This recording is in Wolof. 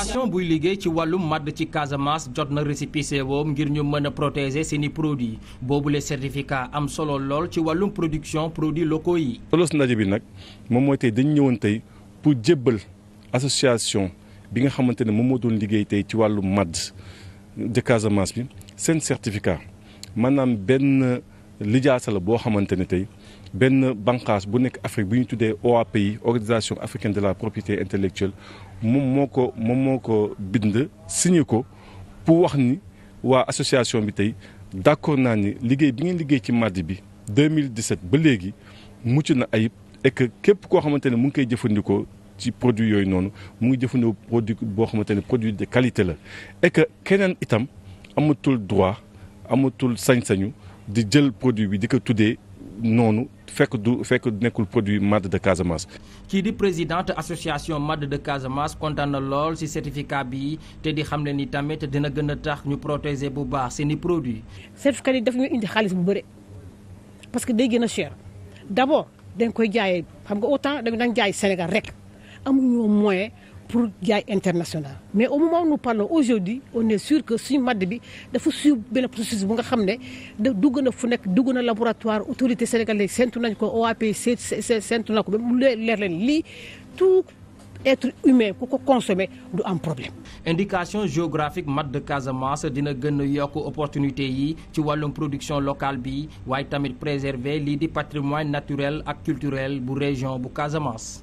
association buy liggéey ci wàllum màdd ci Casamance jot na récépissé woom ngir ñu mën a protéger seeni produits boobule certificat am solo lool ci wàllum production produits locaux yi. solos ndaje bi nag moom mooy tey dañu ñëwoon tey pour jébbal association bi nga xamante ne moom moo doon liggéey tey ci wàllu màdd de Casamance bi seen certificat maanaam benn. lijaasa la boo xamante ne tey benn banqaas bu nekk Afrique bu ñu tuddee OAPI organisation africaine de la propriété intellectuelle moom moo ko moom moo ko bind signé ko pour wax ni waa association bi tey d'accord naa ni liggéey bi ngeen liggéey ci mardi bi 2017 ba léegi mucc na ayib et képp koo xamante ne mu ngi koy jëfandikoo ci produit yooyu noonu mu ngi jëfandikoo produit boo xamante ne produit de qualité la et que keneen itam amatul droit amatul sañ-sañu di jël produit bi di ko tuddee noonu fekk du fekk nekkul produit Made de Casamance. kii di présidente association Made de Casamance kontaan na lool ci certificat bi te di xam ne ni tamit dina gën a tax ñu protéger bu baax seeni produit certificat yi daf ñu indi xaalis bu bëri parce que day gën a cher d'abord dañ koy jaayee xam nga autant dañ jaay Sénégal rek amuñu moyen. pour jaay international mais au moment où nous parlons aujourd'hui on est sûr que suñu madd bi dafa suivre benn processus bu nga xam ne da dugg na fu nekk dugg na laboratoire autorité sénégalaise séntu nañ ko OAP séntu na ko ba mu leer leen lii tout être humain ku ko consommer du am problème. indication géographique mat de Casamance dina gën a yokk opportunité yi ci wàllum production locale bi waaye tamit préserver lii di patrimoine naturel ak culturel bu région bu Casamance.